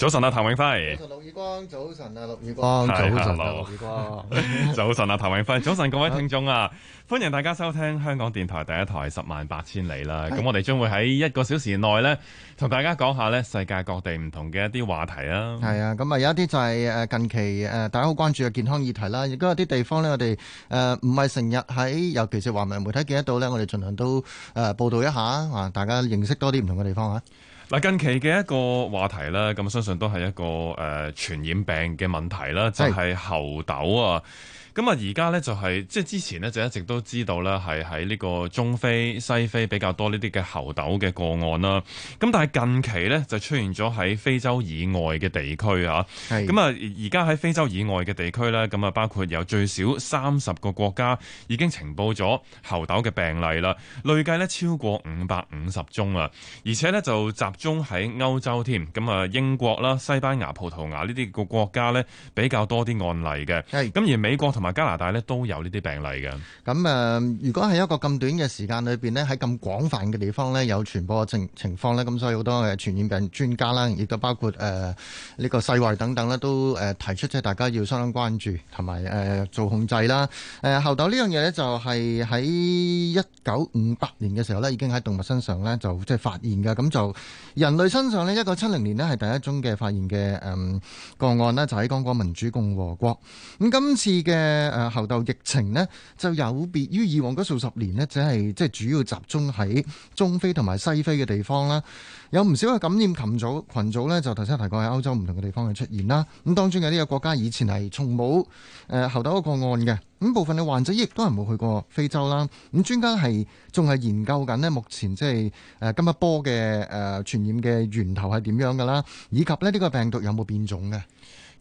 早晨啊，譚永輝。早晨，陸宇光。早晨啊，陸宇光。Oh, 早晨，啊，陸宇 Hello. 耳光。 早晨啊，譚永輝。早晨，各位聽眾啊，啊歡迎大家收聽香港電台第一台《十萬八千里》啦、啊。咁我哋將會喺一個小時內咧，同大家講下咧世界各地唔同嘅一啲話題啊。係啊，咁啊有一啲就係誒近期誒大家好關注嘅健康議題啦。亦都有啲地方咧，我哋誒唔係成日喺，尤其是華文媒體見得到咧，我哋盡量都誒報道一下啊，大家認識多啲唔同嘅地方吓。嗱，近期嘅一個話題啦，咁相信都係一個誒、呃、傳染病嘅問題啦，是就係猴痘啊。咁啊，而家咧就係即係之前咧就一直都知道啦，係喺呢個中非、西非比較多呢啲嘅猴痘嘅個案啦。咁但係近期咧就出現咗喺非洲以外嘅地區啊。咁啊是，而家喺非洲以外嘅地區咧，咁啊包括有最少三十個國家已經呈報咗猴痘嘅病例啦，累計咧超過五百五十宗啊。而且咧就集中喺歐洲添，咁啊英國啦、西班牙、葡萄牙呢啲個國家咧比較多啲案例嘅。咁是而美國同埋。加拿大咧都有呢啲病例嘅。咁誒、呃，如果喺一個咁短嘅時間裏邊咧，喺咁廣泛嘅地方咧有傳播嘅情情況咧，咁所以好多嘅傳染病專家啦，亦都包括誒呢、呃這個世衛等等咧，都誒提出即係大家要相當關注同埋誒做控制啦。誒、呃，猴痘呢樣嘢咧就係喺一九五八年嘅時候咧，已經喺動物身上咧就即係發現嘅。咁就人類身上咧一九七零年咧係第一宗嘅發現嘅誒、嗯、個案咧，就喺剛果民主共和國。咁今次嘅嘅誒猴痘疫情呢，就有別於以往嗰數十年呢，只係即係主要集中喺中非同埋西非嘅地方啦。有唔少嘅感染群組群組呢就頭先提過喺歐洲唔同嘅地方嘅出現啦。咁當中有啲嘅國家以前係從冇誒猴痘嗰個案嘅，咁部分嘅患者亦都係冇去過非洲啦。咁專家係仲係研究緊呢，目前即係誒今日波嘅誒傳染嘅源頭係點樣噶啦，以及呢呢個病毒有冇變種嘅？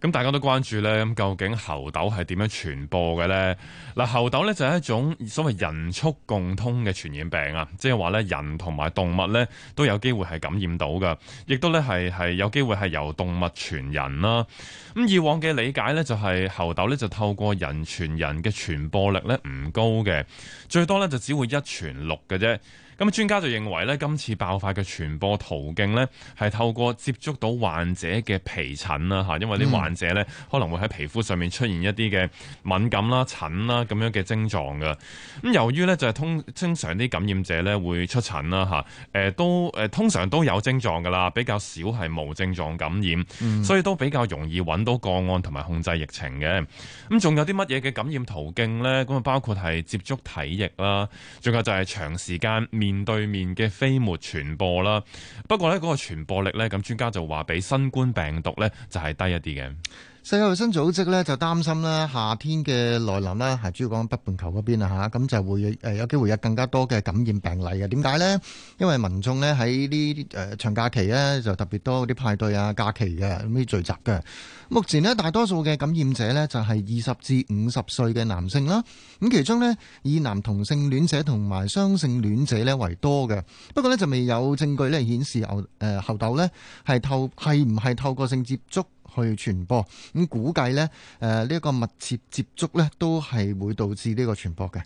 咁大家都關注咧，咁究竟猴痘係點樣傳播嘅咧？嗱，猴痘咧就係一種所謂人畜共通嘅傳染病啊，即係話咧人同埋動物咧都有機會係感染到嘅，亦都咧係係有機會係由動物傳人啦。咁以往嘅理解咧就係猴痘咧就透過人傳人嘅傳播力咧唔高嘅，最多咧就只會一傳六嘅啫。咁專家就認為咧今次爆發嘅傳播途徑咧係透過接觸到患者嘅皮疹啦嚇，因為啲患者者咧可能會喺皮膚上面出現一啲嘅敏感啦、疹啦咁樣嘅症狀嘅。咁由於咧就係通常啲感染者咧會出疹啦吓，誒都誒通常都有症狀噶啦，比較少係無症狀感染，嗯、所以都比較容易揾到個案同埋控制疫情嘅。咁仲有啲乜嘢嘅感染途徑咧？咁啊包括係接觸體液啦，仲有就係長時間面對面嘅飛沫傳播啦。不過咧嗰個傳播力咧，咁專家就話比新冠病毒咧就係低一啲嘅。世界衛生組織咧就擔心咧，夏天嘅來臨啦，係主要講北半球嗰邊啊吓，咁就會誒有，有機會有更加多嘅感染病例嘅。點解呢？因為民眾呢，喺呢啲誒長假期咧就特別多嗰啲派對啊、假期嘅咁啲聚集嘅。目前呢，大多數嘅感染者呢，就係二十至五十歲嘅男性啦。咁其中呢，以男同性戀者同埋雙性戀者呢，為多嘅。不過呢，就未有證據咧顯示牛誒猴痘咧係透係唔係透過性接觸。去傳播，咁估計咧，誒呢一個密切接觸咧，都係會導致呢個傳播嘅。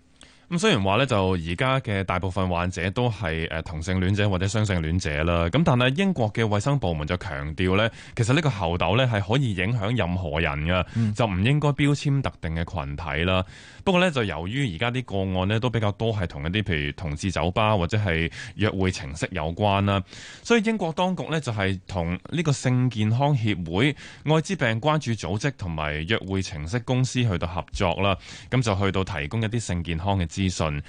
咁雖然話咧，就而家嘅大部分患者都係同性戀者或者雙性戀者啦。咁但係英國嘅衛生部門就強調咧，其實呢個猴痘咧係可以影響任何人嘅，就唔應該標籤特定嘅群體啦。不過咧，就由於而家啲個案呢都比較多係同一啲譬如同志酒吧或者係約會程式有關啦，所以英國當局呢就係同呢個性健康協會、愛滋病關注組織同埋約會程式公司去到合作啦。咁就去到提供一啲性健康嘅資資訊，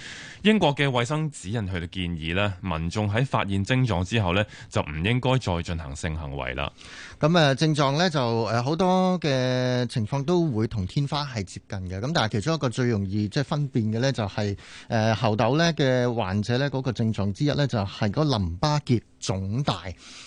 英國嘅衛生指引，佢哋建議呢，民眾喺發現症狀之後呢，就唔應該再進行性行為啦。咁誒，症狀呢，就誒好、呃、多嘅情況都會同天花係接近嘅。咁但係其中一個最容易即係分辨嘅呢，就是，就係誒猴痘咧嘅患者呢。嗰個症狀之一呢，就係嗰淋巴結腫大。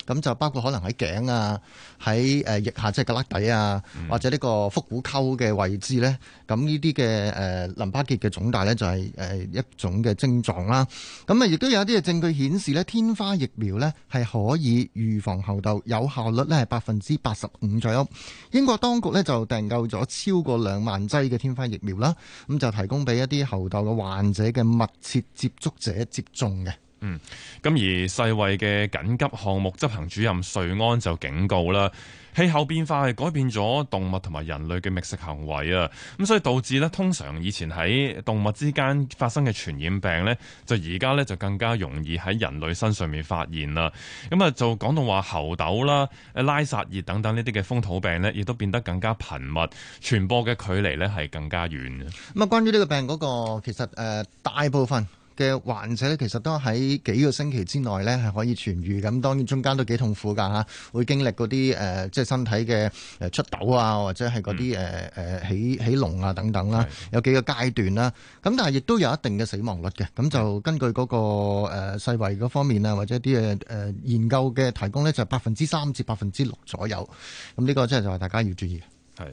咁就包括可能喺頸啊，喺誒腋下即係胳肋底啊，嗯、或者呢個腹股溝嘅位置呢。咁呢啲嘅誒淋巴結嘅腫大呢，就係、是。誒，一種嘅症狀啦，咁啊，亦都有一啲嘅證據顯示咧，天花疫苗咧係可以預防猴痘，有效率咧係百分之八十五左右。英國當局咧就訂購咗超過兩萬劑嘅天花疫苗啦，咁就提供俾一啲猴痘嘅患者嘅密切接觸者接種嘅。嗯，咁而世衛嘅緊急項目執行主任瑞安就警告啦，氣候變化係改變咗動物同埋人類嘅覓食行為啊，咁所以導致咧，通常以前喺動物之間發生嘅傳染病咧，就而家咧就更加容易喺人類身上面發現啦。咁啊，就講到話猴痘啦、誒拉沙熱等等呢啲嘅風土病咧，亦都變得更加頻密，傳播嘅距離咧係更加遠。咁啊，關於呢個病嗰、那個，其實誒、呃、大部分。嘅患者咧，其實都喺幾個星期之內咧係可以痊愈。咁，當然中間都幾痛苦噶嚇，會經歷嗰啲即係身體嘅出痘啊，或者係嗰啲誒起起隆啊等等啦，的有幾個階段啦。咁但係亦都有一定嘅死亡率嘅。咁就根據嗰、那個、呃、世細世衛嗰方面啊，或者啲誒、呃、研究嘅提供咧，就百分之三至百分之六左右。咁呢個即係就話大家要注意。係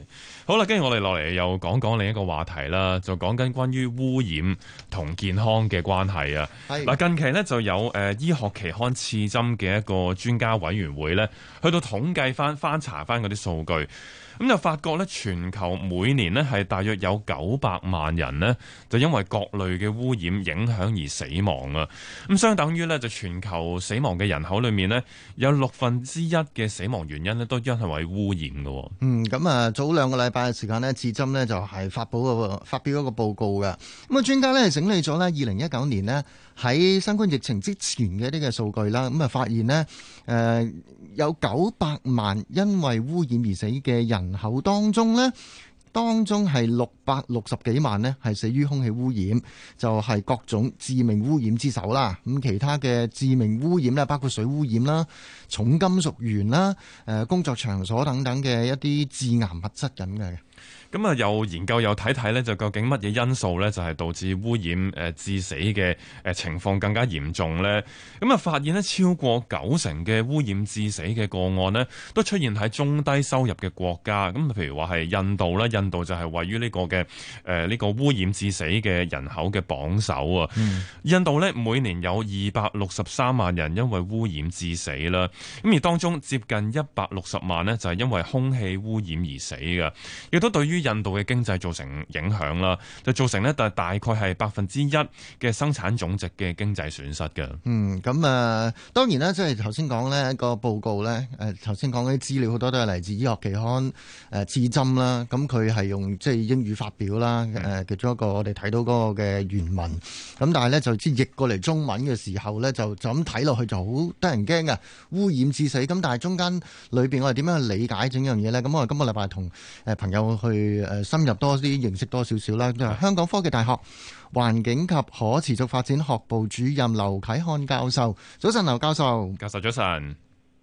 好啦，跟住我哋落嚟又講講另一個話題啦，就講緊關於污染同健康嘅關係啊。嗱的，近期呢，就有誒、呃、醫學期刊刺針嘅一個專家委員會呢，去到統計翻翻查翻嗰啲數據，咁就發覺呢，全球每年呢係大約有九百萬人呢，就因為各類嘅污染影響而死亡啊。咁相等於呢，就全球死亡嘅人口裏面呢，有六分之一嘅死亡原因呢，都因係為污染噶。嗯，咁啊。早兩個禮拜嘅時間咧，至今咧就係發佈個發表一個報告嘅。咁啊，專家咧整理咗咧二零一九年咧喺新冠疫情之前嘅呢個嘅數據啦。咁啊，發現咧誒有九百萬因為污染而死嘅人口當中咧。當中係六百六十幾萬呢係死於空氣污染，就係、是、各種致命污染之首啦。咁其他嘅致命污染咧，包括水污染啦、重金屬源啦、誒工作場所等等嘅一啲致癌物質咁嘅。咁啊，又研究又睇睇咧，就究竟乜嘢因素咧，就係導致污染誒致死嘅誒情況更加嚴重咧？咁啊，發現咧超過九成嘅污染致死嘅個案呢，都出現喺中低收入嘅國家。咁譬如話係印度啦，印度就係位於呢個嘅誒呢個污染致死嘅人口嘅榜首啊。嗯、印度咧每年有二百六十三萬人因為污染致死啦，咁而當中接近一百六十萬呢，就係因為空氣污染而死嘅。亦都都對於印度嘅經濟造成影響啦，就造成呢但大概係百分之一嘅生產總值嘅經濟損失嘅。嗯，咁啊、呃，當然啦，即係頭先講咧個報告呢，誒頭先講啲資料好多都係嚟自醫學期刊誒刺、呃、針啦，咁佢係用即係、就是、英語發表啦，誒、啊、其中一個我哋睇到嗰個嘅原文，咁、嗯嗯、但係呢，就即譯過嚟中文嘅時候呢，就就咁睇落去就好得人驚嘅，污染致死。咁但係中間裏邊我哋點樣去理解整樣嘢呢？咁我哋今個禮拜同誒朋友。去誒深入多啲認識多少少啦。香港科技大學環境及可持續發展學部主任劉啟漢教授，早晨，劉教授。教授早晨，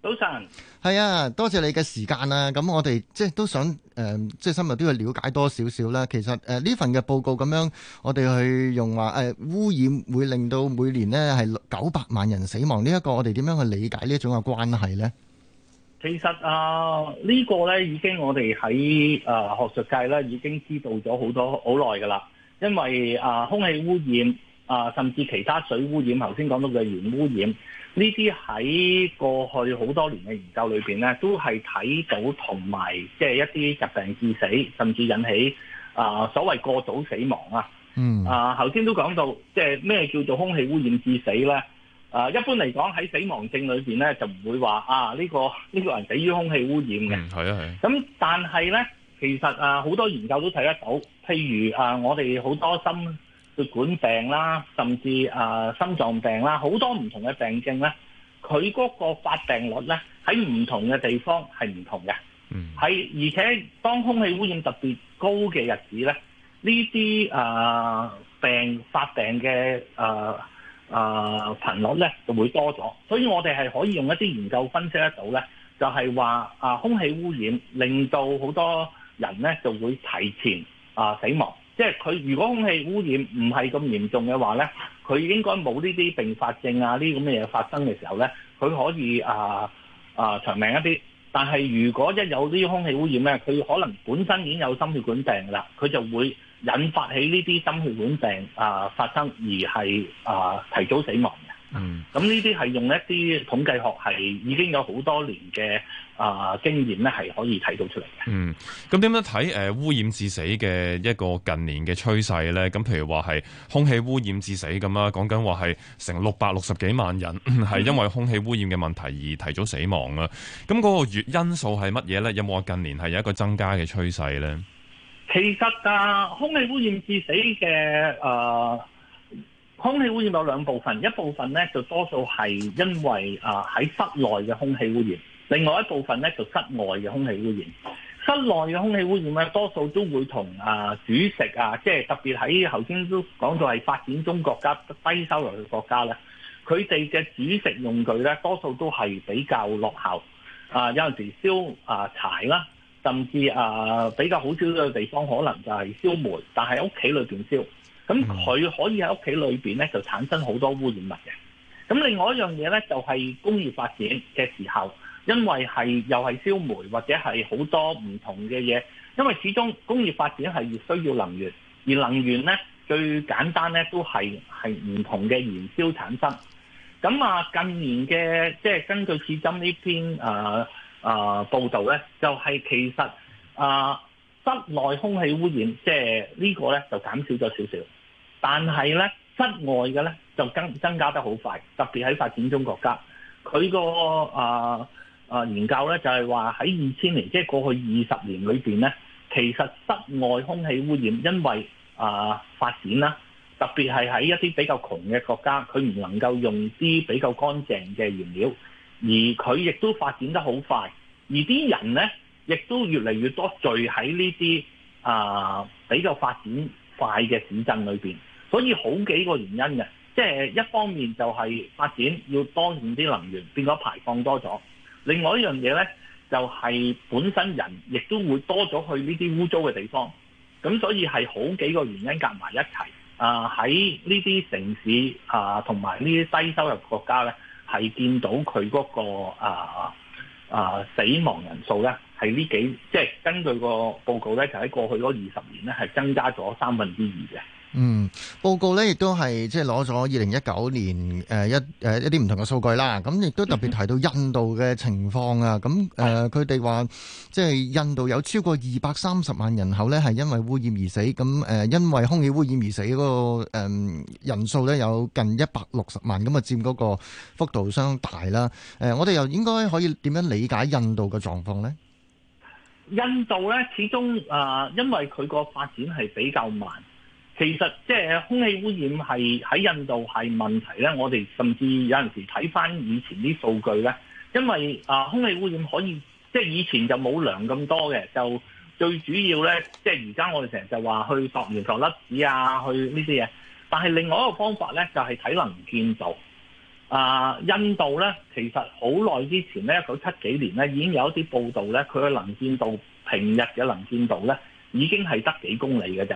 早晨。係啊，多謝你嘅時間啊。咁我哋即係都想誒，即係深入都要了解多少少啦。其實誒呢份嘅報告咁樣，我哋去用話誒污染會令到每年呢係九百萬人死亡。呢一個我哋點樣去理解呢一種嘅關係呢？其實啊，呢個咧已經我哋喺啊學術界咧已經知道咗好多好耐噶啦，因為啊空氣污染啊，甚至其他水污染，頭先講到嘅源污染，呢啲喺過去好多年嘅研究裏邊咧，都係睇到同埋即係一啲疾病致死，甚至引起啊所謂過早死亡啊。嗯啊，頭先都講到即係咩叫做空氣污染致死咧？啊，一般嚟講喺死亡證裏面咧，就唔會話啊呢個呢個人死於空氣污染嘅。嗯，係啊，係。咁但係咧，其實啊，好多研究都睇得到，譬如啊，我哋好多心血管病啦，甚至啊，心臟病啦，好多唔同嘅病症咧，佢嗰個發病率咧喺唔同嘅地方係唔同嘅。嗯。係，而且當空氣污染特別高嘅日子咧，呢啲啊病發病嘅啊，啊、呃、頻率咧就會多咗，所以我哋係可以用一啲研究分析得到咧，就係話啊空氣污染令到好多人咧就會提前啊、呃、死亡，即係佢如果空氣污染唔係咁嚴重嘅話咧，佢應該冇呢啲併發症啊呢啲咁嘅嘢發生嘅時候咧，佢可以啊啊、呃呃、長命一啲，但係如果一有呢啲空氣污染咧，佢可能本身已經有心血管病啦，佢就會，引發起呢啲心血管病啊、呃、發生而係啊、呃、提早死亡嘅，嗯，咁呢啲係用一啲統計學係已經有好多年嘅啊、呃、經驗咧，係可以睇到出嚟嘅。嗯，咁點樣睇誒、呃、污染致死嘅一個近年嘅趨勢咧？咁譬如話係空氣污染致死咁啦，講緊話係成六百六十幾萬人係因為空氣污染嘅問題而提早死亡啊。咁嗰個月因素係乜嘢咧？有冇話近年係有一個增加嘅趨勢咧？其實啊，空氣污染致死嘅誒，空氣污染有兩部分，一部分咧就多數係因為啊喺室內嘅空氣污染，另外一部分咧就室外嘅空氣污染。室內嘅空氣污染咧，多數都會同啊煮食啊，即係特別喺頭先都講到係發展中國家低收入嘅國家咧，佢哋嘅煮食用具咧多數都係比較落後，啊有陣時燒啊柴啦。甚至啊、呃、比較好少嘅地方，可能就係燒煤，但係屋企裏面燒，咁佢可以喺屋企裏面咧就產生好多污染物嘅。咁另外一樣嘢咧，就係、是、工業發展嘅時候，因為係又係燒煤或者係好多唔同嘅嘢，因為始終工業發展係越需要能源，而能源咧最簡單咧都係係唔同嘅燃燒產生。咁啊近年嘅即係根據刺針呢篇啊。呃啊、呃，報道咧就係、是、其實啊、呃，室內空氣污染即係、就是、呢個咧就減少咗少少，但係咧室外嘅咧就增增加得好快，特別喺發展中國家，佢個啊啊研究咧就係話喺二千年，即、就、係、是、過去二十年裏邊咧，其實室外空氣污染因為啊、呃、發展啦，特別係喺一啲比較窮嘅國家，佢唔能夠用啲比較乾淨嘅原料。而佢亦都發展得好快，而啲人呢亦都越嚟越多聚喺呢啲啊比較發展快嘅市鎮裏面。所以好幾個原因嘅，即係一方面就係發展要多用啲能源，變咗排放多咗；另外一樣嘢呢，就係本身人亦都會多咗去呢啲污糟嘅地方，咁所以係好幾個原因夾埋一齊啊喺呢啲城市啊同埋呢啲低收入國家呢。係見到佢嗰個啊啊死亡人數咧，係呢幾即係根據個報告咧，就喺過去嗰二十年咧，係增加咗三分之二嘅。嗯，報告咧，亦都係即係攞咗二零一九年誒一誒一啲唔同嘅數據啦。咁亦都特別提到印度嘅情況啊。咁誒，佢哋話即係印度有超過二百三十萬人口咧，係因為污染而死。咁誒，因為空氣污染而死嗰個誒人數咧，有近一百六十萬，咁啊，佔嗰個幅度相當大啦。誒，我哋又應該可以點樣理解印度嘅狀況咧？印度咧，始終誒，因為佢個發展係比較慢。其實即係空氣污染係喺印度係問題呢，我哋甚至有陣時睇翻以前啲數據呢，因為啊空氣污染可以即係以前就冇量咁多嘅，就最主要呢，即係而家我哋成日就話去索鹽、索粒子啊，去呢啲嘢。但係另外一個方法呢，就係睇能見度。啊，印度呢，其實好耐之前呢，一九七幾年呢已經有一啲報道呢，佢嘅能見度，平日嘅能見度呢，已經係得幾公里嘅啫。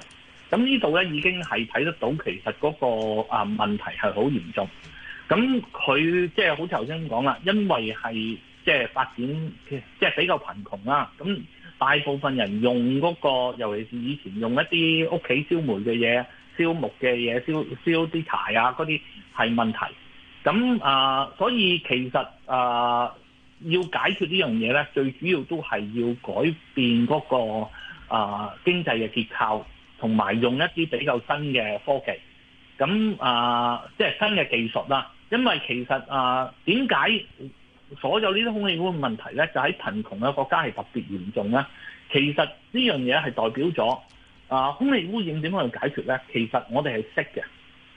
咁呢度咧已經係睇得到，其實嗰個啊問題係好嚴重。咁佢即係好似頭先講啦，因為係即係發展即係、就是、比較貧窮啦。咁大部分人用嗰、那個，尤其是以前用一啲屋企燒煤嘅嘢、燒木嘅嘢、燒燒啲柴啊，嗰啲係問題。咁啊，所以其實啊、呃，要解決呢樣嘢咧，最主要都係要改變嗰、那個啊、呃、經濟嘅結構。同埋用一啲比較新嘅科技，咁啊，即係新嘅技術啦。因為其實啊，點解所有呢啲空氣污染問題咧，就喺貧窮嘅國家係特別嚴重咧？其實呢樣嘢係代表咗啊，空氣污染點樣去解決咧？其實我哋係識嘅，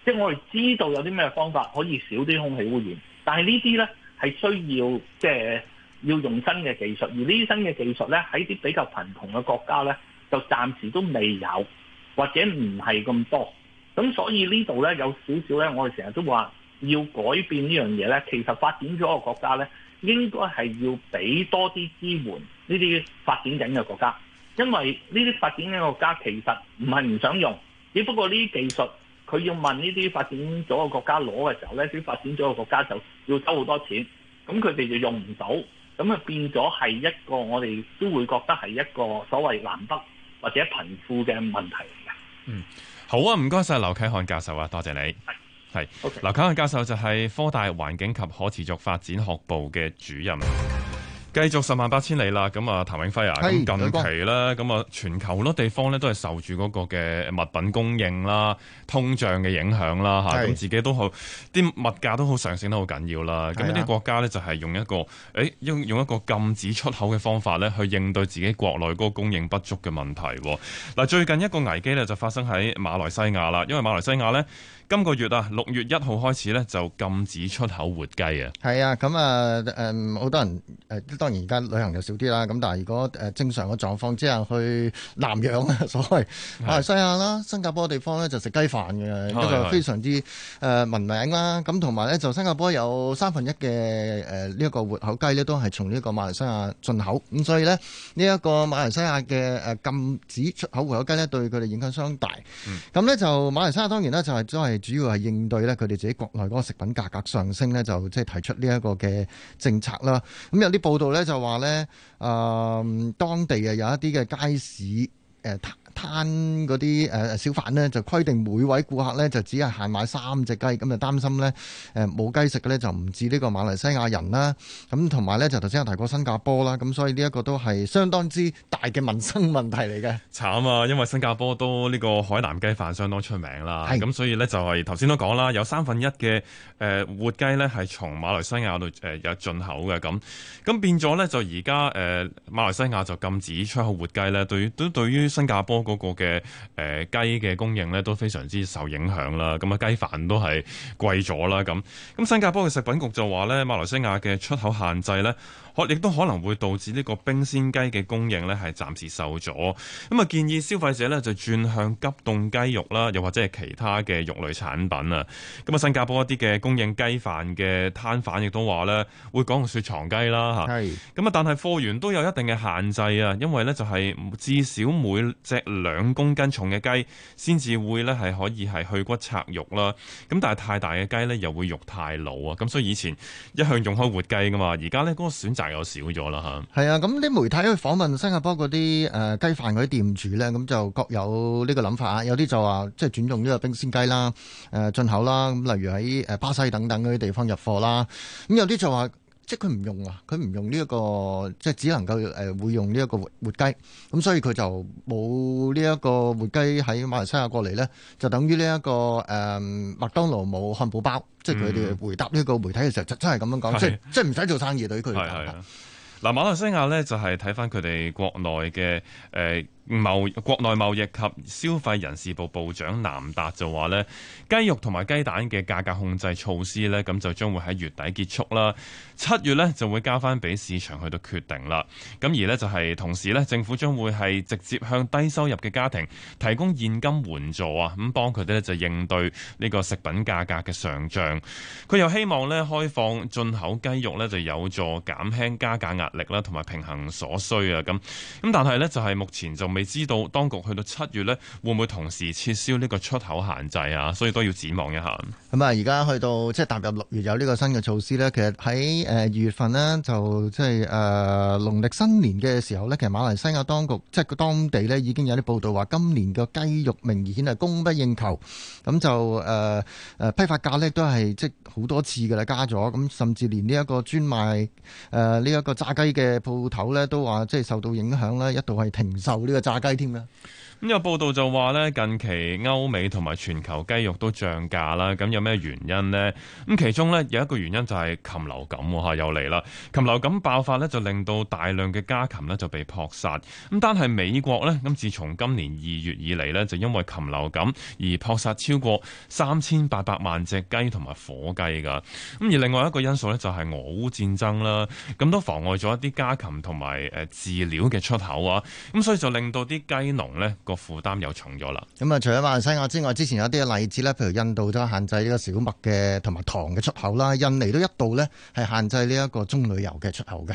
即係我哋知道有啲咩方法可以少啲空氣污染，但係呢啲咧係需要即係要用新嘅技術，而呢啲新嘅技術咧，喺啲比較貧窮嘅國家咧，就暫時都未有。或者唔係咁多，咁所以呢度呢，有少少呢，我哋成日都話要改變呢樣嘢呢。其實發展咗嘅國家呢，應該係要俾多啲支援呢啲發展緊嘅國家，因為呢啲發展緊嘅國家其實唔係唔想用，只不過呢啲技術佢要問呢啲發展咗嘅國家攞嘅時候呢，啲發展咗嘅國家就要收好多錢，咁佢哋就用唔到，咁啊變咗係一個我哋都會覺得係一個所謂南北。或者貧富嘅問題嚟嘅。嗯，好啊，唔該晒劉啟漢教授啊，多謝，謝你。係是，劉啟漢教授就係科大環境及可持續發展學部嘅主任。繼續十萬八千里啦，咁啊，譚永輝啊，咁是近期啦，咁啊光，全球好多地方咧都係受住嗰個嘅物品供應啦、通脹嘅影響啦，吓是，咁、啊、自己都好，啲物價都好上升得好緊要啦。咁啲、啊、國家咧就係用一個，誒、欸、用用一個禁止出口嘅方法咧去應對自己國內嗰個供應不足嘅問題，啊。嗱，最近一個危機咧就發生喺馬來西亞啦，因為馬來西亞咧今個月啊，六月一號開始咧就禁止出口活雞啊。係啊，咁、嗯、啊，誒好多人誒。當然而家旅行就少啲啦，咁但係如果誒正常嘅狀況之下，去南洋啊，所謂馬來西亞啦、新加坡地方咧，就食雞飯嘅一個非常之誒聞名啦。咁同埋咧，就新加坡有三分一嘅誒呢一個活口雞咧，都係從呢個馬來西亞進口。咁所以呢，呢一個馬來西亞嘅誒禁止出口活口雞呢，對佢哋影響相當大。咁呢，就馬來西亞當然啦，就係都係主要係應對呢佢哋自己國內嗰個食品價格上升呢，就即係提出呢一個嘅政策啦。咁有啲報道。咧就話咧，誒、呃，當地啊有一啲嘅街市誒，呃攤嗰啲誒小販咧就規定每位顧客咧就只係限買三隻雞，咁就擔心咧誒冇雞食嘅咧就唔止呢個馬來西亞人啦，咁同埋咧就頭先有提過新加坡啦，咁所以呢一個都係相當之大嘅民生問題嚟嘅。慘啊，因為新加坡都呢個海南雞飯相當出名啦，咁是所以咧就係頭先都講啦，有三分一嘅誒活雞咧係從馬來西亞度誒有進口嘅咁，咁變咗咧就而家誒馬來西亞就禁止出口活雞咧，對於都對於新加坡。嗰個嘅誒雞嘅供應咧都非常之受影響啦，咁啊雞飯都係貴咗啦，咁咁新加坡嘅食品局就話咧，馬來西亞嘅出口限制咧，亦都可能會導致呢個冰鮮雞嘅供應呢係暫時受阻。咁啊，建議消費者呢，就轉向急凍雞肉啦，又或者係其他嘅肉類產品啊。咁啊，新加坡一啲嘅供應雞飯嘅攤販亦都話呢會講用雪藏雞啦嚇是。咁啊，但係貨源都有一定嘅限制啊，因為呢就係至少每隻兩公斤重嘅雞先至會呢係可以係去骨拆肉啦。咁但係太大嘅雞呢，又會肉太老啊。咁所以以前一向用開活雞㗎嘛，而家呢嗰個選擇。有少咗啦嚇，係啊！咁啲媒體去訪問新加坡嗰啲誒雞飯嗰啲店主咧，咁就各有呢個諗法啊！有啲就話即係轉用呢個冰鮮雞啦、誒、呃、進口啦，咁例如喺誒巴西等等嗰啲地方入貨啦，咁有啲就話。即係佢唔用啊，佢唔用呢、這、一個，即係只能夠誒、呃、會用呢一個活活雞，咁所以佢就冇呢一個活雞喺馬來西亞過嚟咧，就等於呢一個誒、嗯、麥當勞冇漢堡包，即係佢哋回答呢個媒體嘅時候、嗯、就真係咁樣講，是即係即係唔使做生意對佢哋嚟講。嗱、啊，馬來西亞咧就係睇翻佢哋國內嘅誒。呃貿國內貿易及消費人事部部長南達就話咧，雞肉同埋雞蛋嘅價格控制措施咧，咁就將會喺月底結束啦。七月咧就會交翻俾市場去到決定啦。咁而咧就係同時咧，政府將會係直接向低收入嘅家庭提供現金援助啊，咁幫佢哋咧就應對呢個食品價格嘅上漲。佢又希望咧開放進口雞肉咧就有助減輕加價壓力啦，同埋平衡所需啊。咁咁但係咧就係目前就未。你知道當局去到七月呢，會唔會同時撤銷呢個出口限制啊？所以都要展望一下。咁啊，而家去到即係、就是、踏入六月有呢個新嘅措施咧。其實喺誒二月份呢，就即係誒農曆新年嘅時候呢，其實馬來西亞當局即係、就是、當地呢，已經有啲報道話，今年嘅雞肉明顯係供不應求，咁就誒誒、呃呃、批發價呢，都係即好多次嘅啦加咗，咁甚至連呢一個專賣誒呢一個炸雞嘅鋪頭呢，都話即係受到影響咧，一度係停售呢、這個。炸雞添啦～咁有報道就話呢近期歐美同埋全球雞肉都漲價啦。咁有咩原因呢？咁其中呢有一個原因就係禽流感喎。又嚟啦。禽流感爆發呢，就令到大量嘅家禽呢就被撲殺。咁單係美國呢，咁自從今年二月以嚟呢，就因為禽流感而撲殺超過三千八百萬隻雞同埋火雞㗎。咁而另外一個因素呢，就係俄烏戰爭啦，咁都妨礙咗一啲家禽同埋誒飼料嘅出口啊。咁所以就令到啲雞農呢，個負擔又重咗啦。咁啊，除咗馬來西亞之外，之前有啲嘅例子咧，譬如印度都限制呢個小麥嘅同埋糖嘅出口啦，印尼都一度咧係限制呢一個棕櫚油嘅出口嘅。